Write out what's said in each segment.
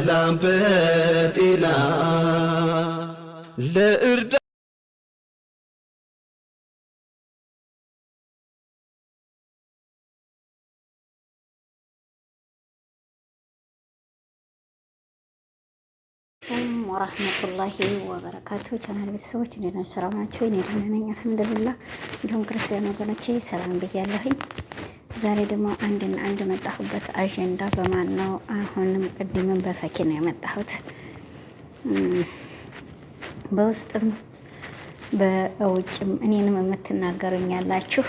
በሰላም በጤና ለእርዳ ወራህመቱላሂ ወበረካቱ ቻናል ቤተሰቦች እንዴት ናችሁ? ሰላም ናችሁ? እኔ ደህና ነኝ አልሐምዱሊላህ። እንዲሁም ክርስቲያን ወገኖቼ ሰላም ብያለሁኝ። ዛሬ ደግሞ አንድና አንድ መጣሁበት አጀንዳ በማን ነው? አሁንም ቅድምም በፈኪ ነው የመጣሁት። በውስጥም በውጭም እኔንም የምትናገሩኝ ያላችሁ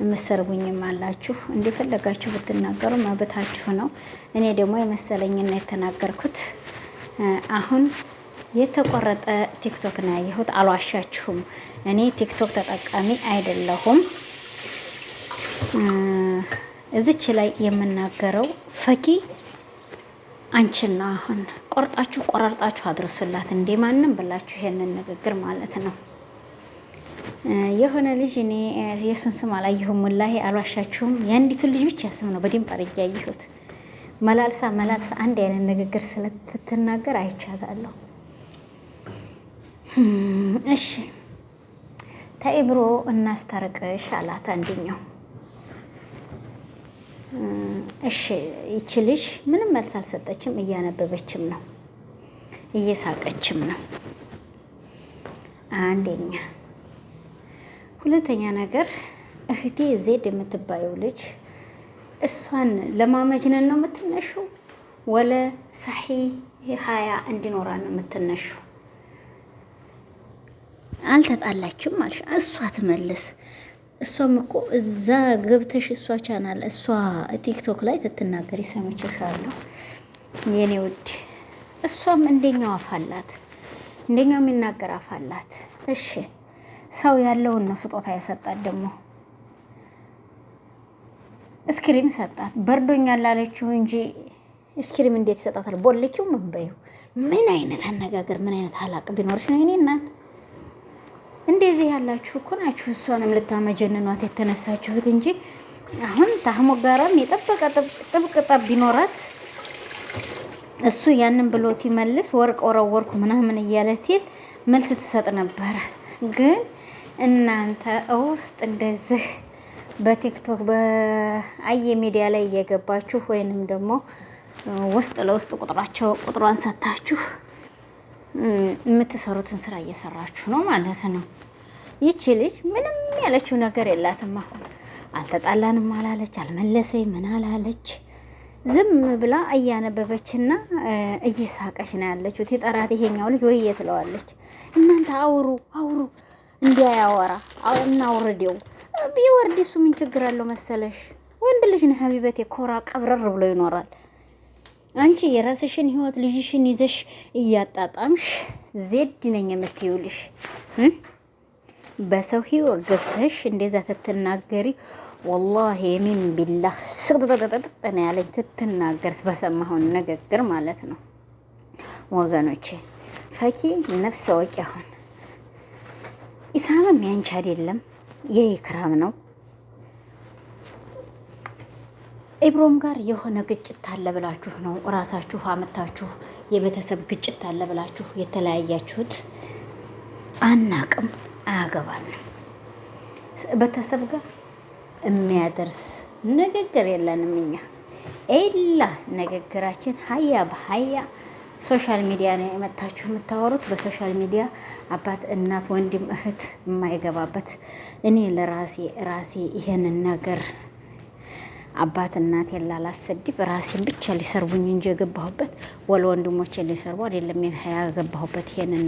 የምሰርቡኝም አላችሁ እንደፈለጋችሁ ብትናገሩ መብታችሁ ነው። እኔ ደግሞ የመሰለኝና የተናገርኩት አሁን የተቆረጠ ቲክቶክ ነው ያየሁት። አልዋሻችሁም፣ እኔ ቲክቶክ ተጠቃሚ አይደለሁም። እዚች ላይ የምናገረው ፈኪ አንቺና አሁን ቆርጣችሁ ቆራርጣችሁ አድርሱላት እንዴ ማንም ብላችሁ ይሄንን ንግግር ማለት ነው። የሆነ ልጅ እኔ የእሱን ስም አላየሁም፣ ወላሂ አልዋሻችሁም። የአንዲቱን ልጅ ብቻ ስም ነው በደንብ አድርጌ ያየሁት። መላልሳ መላልሳ አንድ አይነት ንግግር ስለትትናገር አይቻታለሁ። እሺ ተኢብሮ እናስታርቅሽ አላት አንድኛው እሺ ይቺ ልጅ ምንም መልስ አልሰጠችም። እያነበበችም ነው እየሳቀችም ነው። አንደኛ ሁለተኛ ነገር እህቴ ዜድ የምትባየው ልጅ እሷን ለማመጅነን ነው የምትነሹ፣ ወለ ሳሒ ሀያ እንዲኖራ ነው የምትነሹ። አልተጣላችም አልሽ። እሷ ትመልስ እሷም እኮ እዛ ገብተሽ እሷ ቻናል እሷ ቲክቶክ ላይ ትትናገር ይሰምችሻለሁ የኔ ውድ። እሷም እንደኛው አፋላት እንደኛው የሚናገር አፋላት። እሺ ሰው ያለውን ነው ስጦታ የሰጣት። ደግሞ እስክሪም ሰጣት። በርዶኛል አለችው እንጂ እስክሪም እንዴት ይሰጣታል? ቦልኪው ምን በይው። ምን አይነት አነጋገር ምን አይነት አላቅ ቢኖርሽ ነው የኔ እናት። እንደዚህ ያላችሁ እኮ ናችሁ እሷንም ልታመጀንኗት የተነሳችሁት እንጂ አሁን ታህሞ ጋራም የጠበቀ ጥብቅ ጠብ ቢኖራት እሱ ያንን ብሎት ይመልስ ወርቅ ወረወርኩ ምናምን እያለትል መልስ ትሰጥ ነበረ። ግን እናንተ ውስጥ እንደዚህ በቲክቶክ በአየ ሚዲያ ላይ እየገባችሁ ወይንም ደግሞ ውስጥ ለውስጥ ቁጥራቸው ቁጥሯን ሰታችሁ የምትሰሩትን ስራ እየሰራችሁ ነው ማለት ነው። ይቺ ልጅ ምንም ያለችው ነገር የላትም። አልተጣላንም አላለች፣ አልመለሰኝ ምን አላለች። ዝም ብላ እያነበበችና እየሳቀች ነው ያለችው። ትጠራት ይሄኛው ልጅ ወይ ትለዋለች፣ እናንተ አውሩ አውሩ እንዲያ እንዲያያወራ እናውርዴው ቢወርድ እሱ ምን ችግር አለው መሰለሽ? ወንድ ልጅ ነው ሀቢበቴ፣ ኮራ ቀብረር ብሎ ይኖራል። አንቺ የራስሽን ህይወት ልጅሽን ይዘሽ እያጣጣምሽ ዜድ ነኝ የምትይውልሽ በሰው ህይወት ገብተሽ እንደዛ ትትናገሪ ወላሂ የሚን ቢላህ ስቅጥጥጥጥጥነ ያለኝ ትትናገር በሰማሁን ንግግር ማለት ነው። ወገኖቼ ፈኪ ነፍሰ ወቂ አሁን ኢሳምም ያንቺ አይደለም የኢክራም ነው። ኤብሮም ጋር የሆነ ግጭት አለ ብላችሁ ነው እራሳችሁ አመታችሁ የቤተሰብ ግጭት አለ ብላችሁ የተለያያችሁት። አናቅም፣ አያገባንም። ቤተሰብ ጋር የሚያደርስ ንግግር የለንም እኛ ኤላ ንግግራችን ሀያ በሀያ ሶሻል ሚዲያ ነው የመታችሁ የምታወሩት። በሶሻል ሚዲያ አባት፣ እናት፣ ወንድም፣ እህት የማይገባበት እኔ ለራሴ ራሴ ይሄንን ነገር አባት እናት እናቴን ላላሰድብ ራሴን ብቻ ሊሰርቡኝ እንጂ የገባሁበት ወለ ወንድሞቼ ሊሰርቡ አይደለም ያገባሁበት። ይሄንን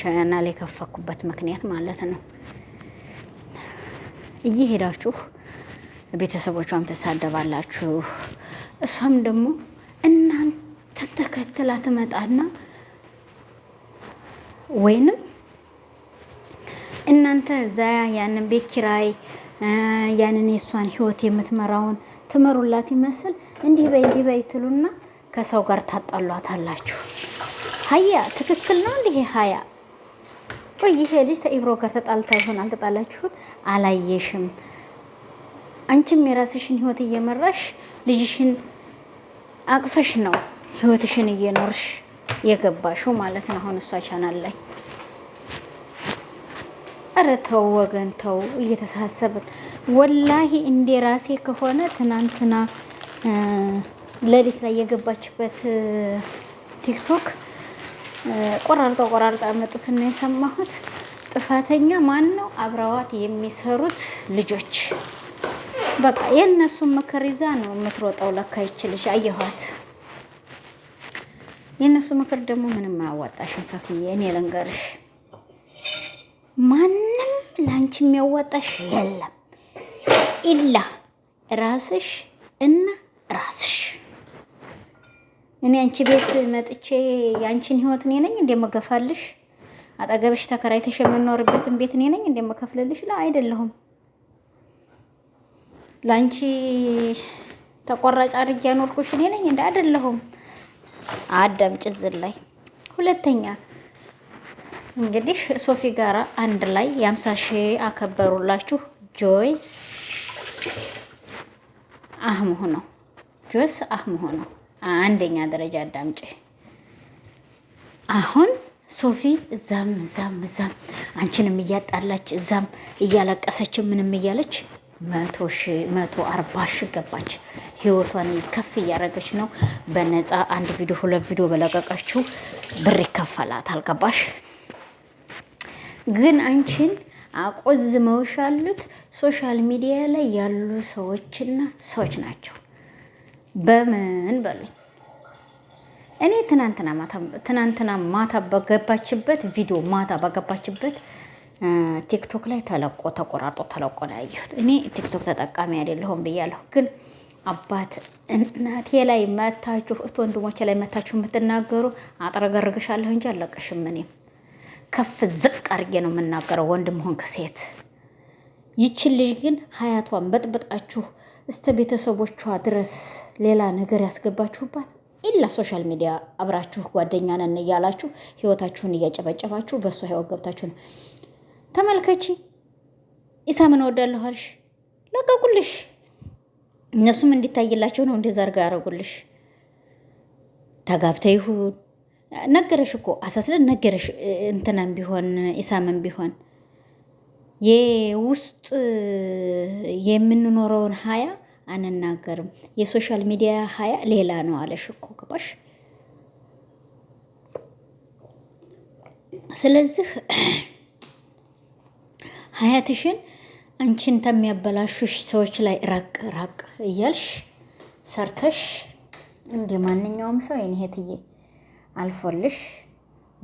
ቻናል የከፈኩበት ምክንያት ማለት ነው። እየሄዳችሁ ቤተሰቦቿም ትሳደባላችሁ። እሷም ደግሞ እናንተን ተከትላ ትመጣና ወይንም እናንተ እዛ ያንን ቤት ኪራይ ያንን የእሷን ህይወት የምትመራውን ትመሩላት ይመስል እንዲህ በይ እንዲህ በይ ትሉና ከሰው ጋር ታጣሏት አላችሁ። ሀያ ትክክል ነው። እንዲህ ሀያ ቆይ ይሄ ልጅ ተኢብሮ ጋር ተጣልታ ይሆን አልተጣላችሁን? አላየሽም። አንቺም የራስሽን ህይወት እየመራሽ ልጅሽን አቅፈሽ ነው ህይወትሽን እየኖርሽ የገባሽው ማለት ነው። አሁን እሷ ቻናል ላይ ኧረ ተው ወገን ተው፣ እየተሳሰብን ወላሂ እንዴ ራሴ ከሆነ ትናንትና ሌሊት ላይ የገባችበት ቲክቶክ ቆራርጣ ቆራርጣ ያመጡትና የሰማሁት ጥፋተኛ ማን ነው? አብረዋት የሚሰሩት ልጆች በቃ የእነሱን ምክር ይዛ ነው የምትሮጠው። ለካ ይችልሽ አየኋት። የእነሱ ምክር ደግሞ ምንም አያዋጣሽም ፈክዬ። እኔ ልንገርሽ፣ ማንም ለአንቺ የሚያዋጣሽ የለም። ኢላ ራስሽ እና ራስሽ። እኔ አንቺ ቤት መጥቼ የአንቺን ህይወት እኔ ነኝ እንደምገፋልሽ? አጠገብሽ ተከራይተሽ የምኖርበትን ቤት እኔ ነኝ እንደምከፍልልሽ? ላ አይደለሁም። ለአንቺ ተቆራጭ አድርጌ ያኖርኩሽ እኔ ነኝ እንደ አይደለሁም። አዳም ጭዝን ላይ ሁለተኛ እንግዲህ ሶፊ ጋራ አንድ ላይ የአምሳ ሺህ አከበሩላችሁ ጆይ አህሙሁ ነው። ጁስ አህሙሁ ነው። አንደኛ ደረጃ አዳምጪ። አሁን ሶፊ እዛም እዛም እዛም አንቺንም እያጣላች እዛም እያለቀሰች ምንም እያለች መቶ አርባ ሺ ገባች። ህይወቷን ከፍ እያደረገች ነው። በነፃ አንድ ቪዲዮ ሁለት ቪዲዮ በለቀቀችው ብር ይከፈላት አልገባሽ ግን አንቺን አቆዝመውሻሉት ሶሻል ሚዲያ ላይ ያሉ ሰዎችና ሰዎች ናቸው። በምን በሉኝ። እኔ ትናንትና ማታ በገባችበት ቪዲዮ ማታ በገባችበት ቲክቶክ ላይ ተለቆ ተቆራርጦ ተለቆ ነው ያየሁት። እኔ ቲክቶክ ተጠቃሚ አይደለሁም ብያለሁ። ግን አባት እናቴ ላይ መታችሁ፣ እህት ወንድሞቼ ላይ መታችሁ የምትናገሩ አጥረገርግሻለሁ እንጂ አለቀሽም። እኔም ከፍ ዝቅ አድርጌ ነው የምናገረው ወንድም ሆንክ ሴት ይችን ልጅ ግን ሀያቷን በጥብጣችሁ እስተ ቤተሰቦቿ ድረስ ሌላ ነገር ያስገባችሁባት ኢላ ሶሻል ሚዲያ አብራችሁ ጓደኛ ነን እያላችሁ ህይወታችሁን እያጨበጨባችሁ በእሷ ህይወት ገብታችሁ ነው። ተመልከቺ ኢሳምን እወዳለሁ አልሽ፣ ለቀቁልሽ። እነሱም እንዲታይላቸው ነው እንደዛ አድርጋ ያረጉልሽ። ተጋብተ ይሁን ነገረሽ እኮ አሳስለን ነገረሽ። እንትናም ቢሆን ኢሳምን ቢሆን የውስጥ የምንኖረውን ሀያ አንናገርም። የሶሻል ሚዲያ ሀያ ሌላ ነው አለሽ እኮ ስለዚህ ሀያትሽን አንቺን ከሚያበላሹሽ ሰዎች ላይ ራቅ ራቅ እያልሽ ሰርተሽ እንደ ማንኛውም ሰው ይንሄትዬ አልፎልሽ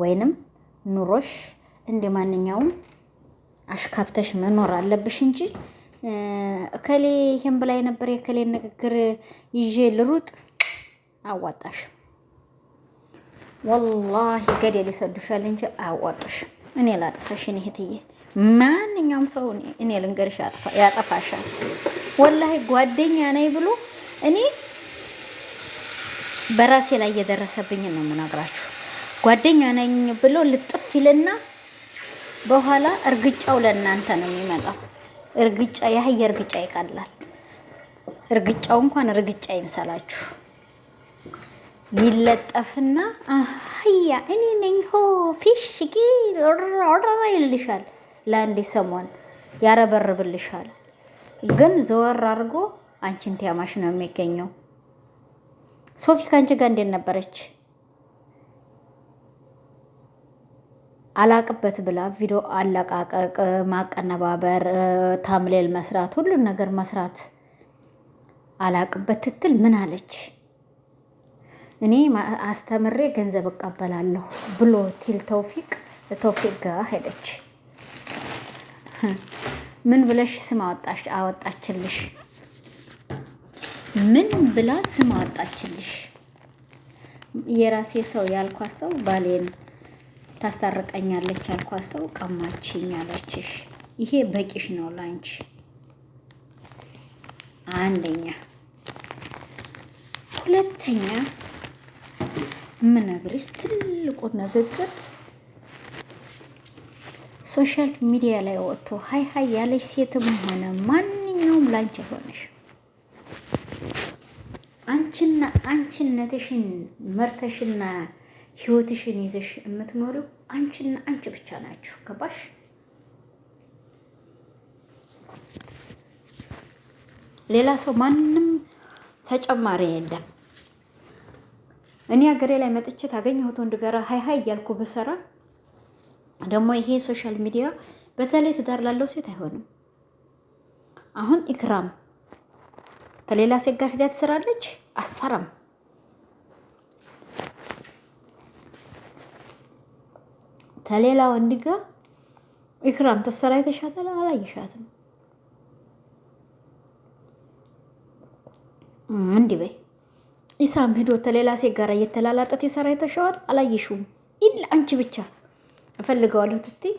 ወይንም ኑሮሽ እንደ ማንኛውም አሽካብተሽ መኖር አለብሽ እንጂ እከሌ ይሄን ብላይ ነበር የከሌ ንግግር ይዤ ልሩጥ አዋጣሽ። ወላሂ ገደል ይሰዱሻል እንጂ አዋጡሽ እኔ ላጥፋሽ፣ እኔ እህትዬ፣ ማንኛውም ሰው እኔ ልንገርሽ ያጠፋሻል። ወላሂ ጓደኛ ነኝ ብሎ እኔ በራሴ ላይ እየደረሰብኝ ነው የምነግራችሁ። ጓደኛ ነኝ ብሎ ልጥፍ ይልና በኋላ እርግጫው ለእናንተ ነው የሚመጣው። እርግጫ የአህያ እርግጫ ይቀላል። እርግጫው እንኳን እርግጫ ይምሰላችሁ። ይለጠፍና አህያ እኔ ነኝ ሆ ፊሽ ኦረራ ይልሻል። ለአንድ ሰሞን ያረበርብልሻል። ግን ዘወር አድርጎ አንቺን ቲያማሽ ነው የሚገኘው። ሶፊ ከአንቺ ጋር እንዴት ነበረች? አላቅበት ብላ ቪዲዮ አለቃቀቅ፣ ማቀነባበር፣ ታምሌል መስራት፣ ሁሉን ነገር መስራት አላቅበት ትትል ምን አለች? እኔ አስተምሬ ገንዘብ እቀበላለሁ ብሎ ቲል ተውፊቅ ተውፊቅ ጋ ሄደች። ምን ብለሽ ስም አወጣችልሽ? ምን ብላ ስም አወጣችልሽ? የራሴ ሰው ያልኳት ሰው ባሌን ታስታርቀኛለች ያልኳት ሰው ቀማችኝ አለችሽ። ይሄ በቂሽ ነው ላንቺ። አንደኛ ሁለተኛ የምነግርሽ ትልቁ ንግግር ሶሻል ሚዲያ ላይ ወጥቶ ሀይ ሀይ ያለች ሴትም ሆነ ማንኛውም ላንቺ ሆነሽ አንቺና አንቺነትሽን መርተሽና ህይወትሽን ይዘሽ የምትኖሪው አንቺና አንቺ ብቻ ናችሁ። ገባሽ? ሌላ ሰው ማንም ተጨማሪ የለም። እኔ ሀገሬ ላይ መጥቼ ታገኘሁት ወንድ ጋራ ሀይ ሀይ እያልኩ ብሰራ ደግሞ ይሄ ሶሻል ሚዲያ በተለይ ትዳር ላለው ሴት አይሆንም። አሁን ኢክራም ከሌላ ሴት ጋር ሂዳ ትሰራለች አሰራም ተሌላ ወንድ ጋር ኢክራም ተሰራይተሻታል? አላየሻትም? እንዲህ በይ። ኢሳም ሂዶ ተሌላ ሴት ጋር እየተላላጠት የሰራ የሰራይተሸዋል? አላየሽውም? ኢላ አንቺ ብቻ እፈልገዋለሁ ትትይ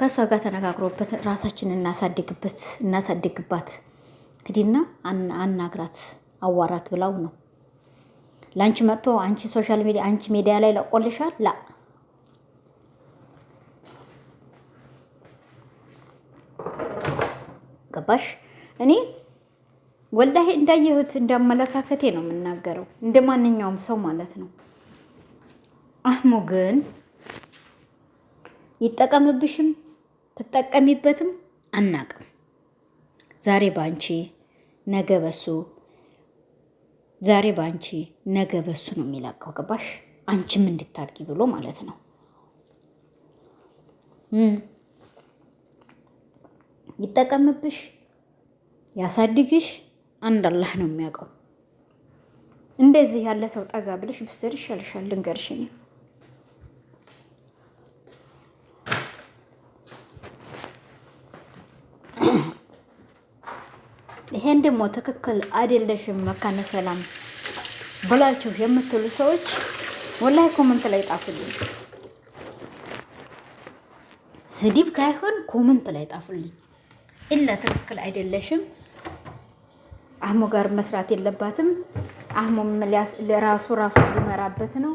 ከእሷ ጋር ተነጋግሮበት ራሳችን እናሳድግበት እናሳድግባት ሂዲና አናግራት አዋራት ብላው ነው ለአንቺ መጥቶ አንቺ ሶሻል ሚዲያ አንቺ ሜዲያ ላይ ለቆልሻል ላ ገባሽ? እኔ ወላሂ እንዳየሁት እንዳመለካከቴ ነው የምናገረው፣ እንደ ማንኛውም ሰው ማለት ነው። አህሙ ግን ይጠቀምብሽም ትጠቀሚበትም አናቅም። ዛሬ ባንቺ ነገ በሱ፣ ዛሬ ባንቺ ነገ በሱ ነው የሚለቀው። ገባሽ? አንቺም እንድታድጊ ብሎ ማለት ነው። ይጠቀምብሽ፣ ያሳድግሽ አንድ አላህ ነው የሚያውቀው። እንደዚህ ያለ ሰው ጠጋ ብለሽ ብስር ይሻልሻል። ልንገርሽ እኔ ይሄን ደግሞ ትክክል አይደለሽም መካነ ሰላም ብላችሁ የምትሉ ሰዎች ወላሂ ኮመንት ላይ ጣፉልኝ። ስድብ ካይሆን ኮመንት ላይ ጣፉልኝ። ኢላ ትክክል አይደለሽም። አህሙ ጋር መስራት የለባትም። አህሙም ለራሱ ራሱ ሊመራበት ነው።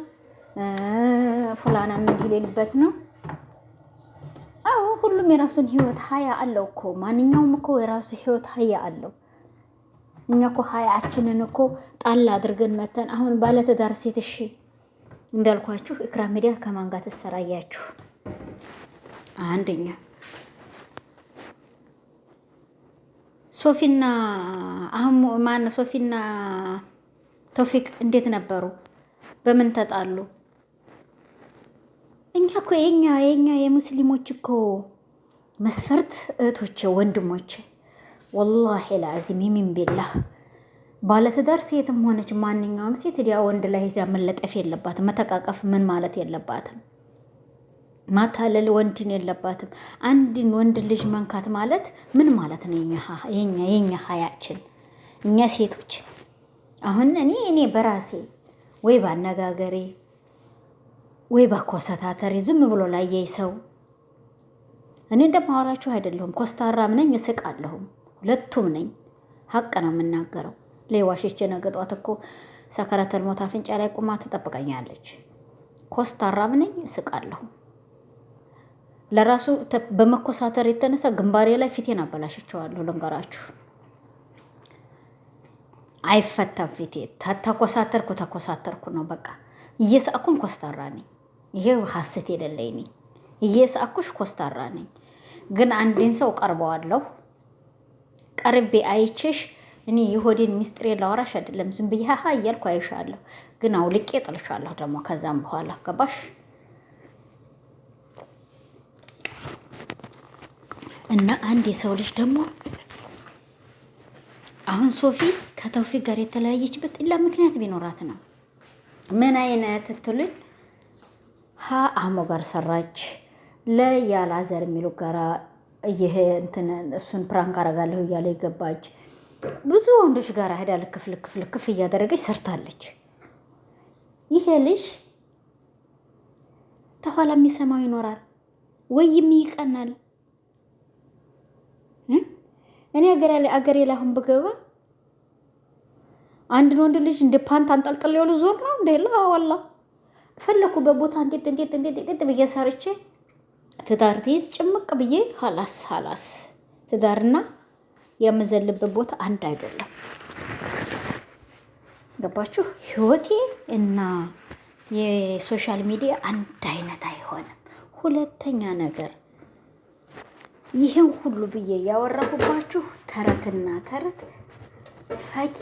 ፉላናም እንዲህ ነው። አዎ ሁሉም የራሱን ህይወት ሀያ አለው እኮ ማንኛውም እኮ የራሱ ህይወት ሀያ አለው። እኛ እኮ ሀያችንን እኮ ጣል አድርገን መተን አሁን ባለትዳር ሴት እሺ እንዳልኳችሁ ኢክራም ሚዲያ ከማን ጋር ትሰራያችሁ? አንደኛ ሶፊና አህሙ ማነው? ሶፊና ተውፊቅ እንዴት ነበሩ? በምን ተጣሉ? እኛ እኮ የኛ የኛ የሙስሊሞች እኮ መስፈርት እህቶቼ፣ ወንድሞቼ ወላሂ ለአዚም የሚን ቢላህ ባለትዳር ሴትም ሆነች ማንኛውም ሴት ዲያ ወንድ ላይ መለጠፍ የለባትም መተቃቀፍ ምን ማለት የለባትም። ማታለል ወንድን የለባትም። አንድን ወንድ ልጅ መንካት ማለት ምን ማለት ነው? የኛ ሀያችን እኛ ሴቶች አሁን እኔ እኔ በራሴ ወይ ባነጋገሬ ወይ በኮሰታተሬ ዝም ብሎ ላየይ ሰው እኔ እንደማወራችሁ አይደለሁም። ኮስታራም ነኝ፣ እስቃለሁም፣ ሁለቱም ነኝ። ሀቅ ነው የምናገረው። ሌዋሽቼ ነገ እኮ ሰከረተል ሞት አፍንጫ ላይ ቁማ ትጠብቀኛለች። ኮስታራም ነኝ፣ እስቃለሁም ለራሱ በመኮሳተር የተነሳ ግንባሬ ላይ ፊቴን አበላሽቸዋለሁ። ልንገራችሁ አይፈታም ፊቴ። ተኮሳተርኩ ተኮሳተርኩ ነው በቃ። እየሳኩም ኮስታራ ነኝ። ይሄ ሀሰት የሌለኝ ነኝ። እየሳኩሽ ኮስታራ ነኝ። ግን አንድን ሰው ቀርበዋለሁ። ቀርቤ አይቼሽ እኔ የሆዴን ሚስጥሬ ላወራሽ አይደለም። ዝም ብዬ ሀሀ እያልኩ አይሻለሁ፣ ግን አውልቄ ጥልሻለሁ ደግሞ ከዛም በኋላ ገባሽ? እና አንድ የሰው ልጅ ደግሞ አሁን ሶፊ ከተውፊቅ ጋር የተለያየችበት ኢላ ምክንያት ቢኖራት ነው። ምን አይነት ትትሉኝ ሀ አሞ ጋር ሰራች ለያላዘር የሚሉ ጋራ ይሄ እንትን እሱን ፕራንክ አረጋለሁ እያለ ይገባች ብዙ ወንዶች ጋር ሄዳ ልክፍ ልክፍ ልክፍ እያደረገች ሰርታለች። ይሄ ልጅ ተኋላ የሚሰማው ይኖራል ወይም ይቀናል። እኔ አገሬ ላይ አሁን ብገባ አንድ ወንድ ልጅ እንደ ፓንት አንጠልጥል የሆነ ዞር ነው እንደ ላ ወላ ፈለኩበት ቦታ እንጤጥ እንጤጥ እንጤጥ እንጤጥ ብዬ ሰርቼ ትዳር ትይዝ ጭምቅ ብዬ ሀላስ ሀላስ ትዳርና የምዘልበት ቦታ አንድ አይደለም። ገባችሁ? ህይወቴ እና የሶሻል ሚዲያ አንድ አይነት አይሆንም። ሁለተኛ ነገር ይሄን ሁሉ ብዬ ያወራሁባችሁ ተረትና ተረት ፈኪ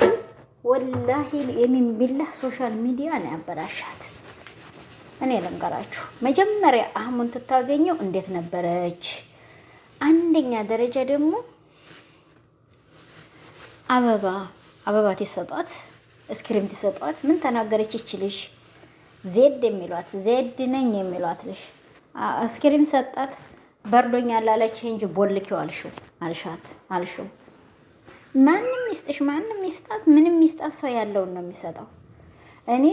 ወላሂ የሚን ቢላህ ሶሻል ሚዲያ ነው ያበላሻት። እኔ ልንገራችሁ፣ መጀመሪያ አህሙን ትታገኘው እንዴት ነበረች? አንደኛ ደረጃ ደግሞ አበባ አበባ ትሰጧት፣ እስክሪም ትሰጧት። ምን ተናገረች ይችልሽ ዜድ የሚሏት ዜድ ነኝ የሚሏት ልሽ እስክሪም ሰጣት። በርዶኛል አለችህ እንጂ ቦልኪው አልሽው አልሻት አልሽው። ማንም ይስጥሽ ማንም ይስጣት ምንም ይስጣት ሰው ያለውን ነው የሚሰጠው። እኔ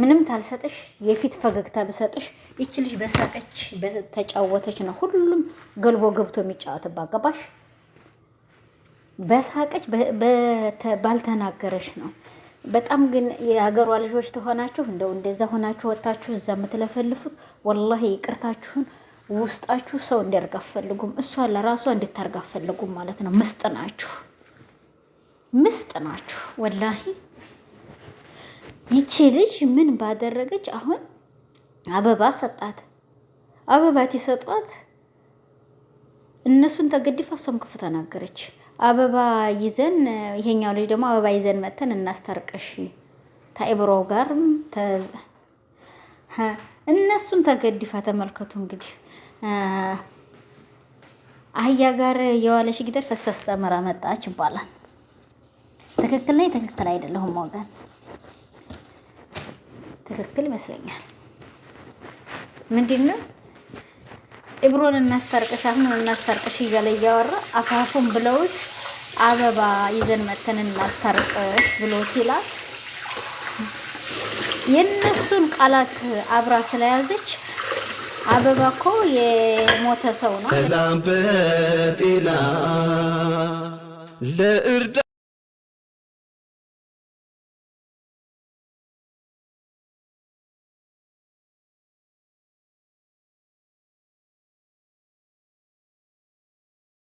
ምንም ታልሰጥሽ የፊት ፈገግታ ብሰጥሽ ይች ልጅ በሳቀች በተጫወተች ነው ሁሉም ገልቦ ገብቶ የሚጫወትባት ገባሽ? በሳቀች ባልተናገረች ነው። በጣም ግን የሀገሯ ልጆች ተሆናችሁ እንደው እንደዛ ሆናችሁ ወጥታችሁ እዛ የምትለፈልፉት ወላሂ ይቅርታችሁን ውስጣችሁ ሰው እንዲያርግ አትፈልጉም። እሷ ለራሷ እንድታርግ አትፈልጉም ማለት ነው። ምስጥ ናችሁ፣ ምስጥ ናችሁ። ወላሂ ይቺ ልጅ ምን ባደረገች? አሁን አበባ ሰጣት፣ አበባት የሰጧት እነሱን ተገድፋ እሷም ክፉ ተናገረች። አበባ ይዘን ይሄኛው ልጅ ደግሞ አበባ ይዘን መተን እናስታርቀሽ ታይብሮ ጋርም እነሱን ተገድፋ ተመልከቱ እንግዲህ አህያ ጋር የዋለች ጊደር ፈስተስ ጠምራ መጣች ይባላል። ትክክል ነኝ? ትክክል አይደለሁም? ወገን ትክክል ይመስለኛል። ምንድን ነው ኢብሮን እናስታርቅሽ፣ አሁን እናስታርቅሽ እያለ እያወራ አፋፉን ብለውት አበባ ይዘን መተን እናስታርቅሽ ብሎት ይላል። የእነሱን ቃላት አብራ ስለያዘች አበባ እኮ የሞተ ሰው ነው። ሰላም በጤና ለእርዳ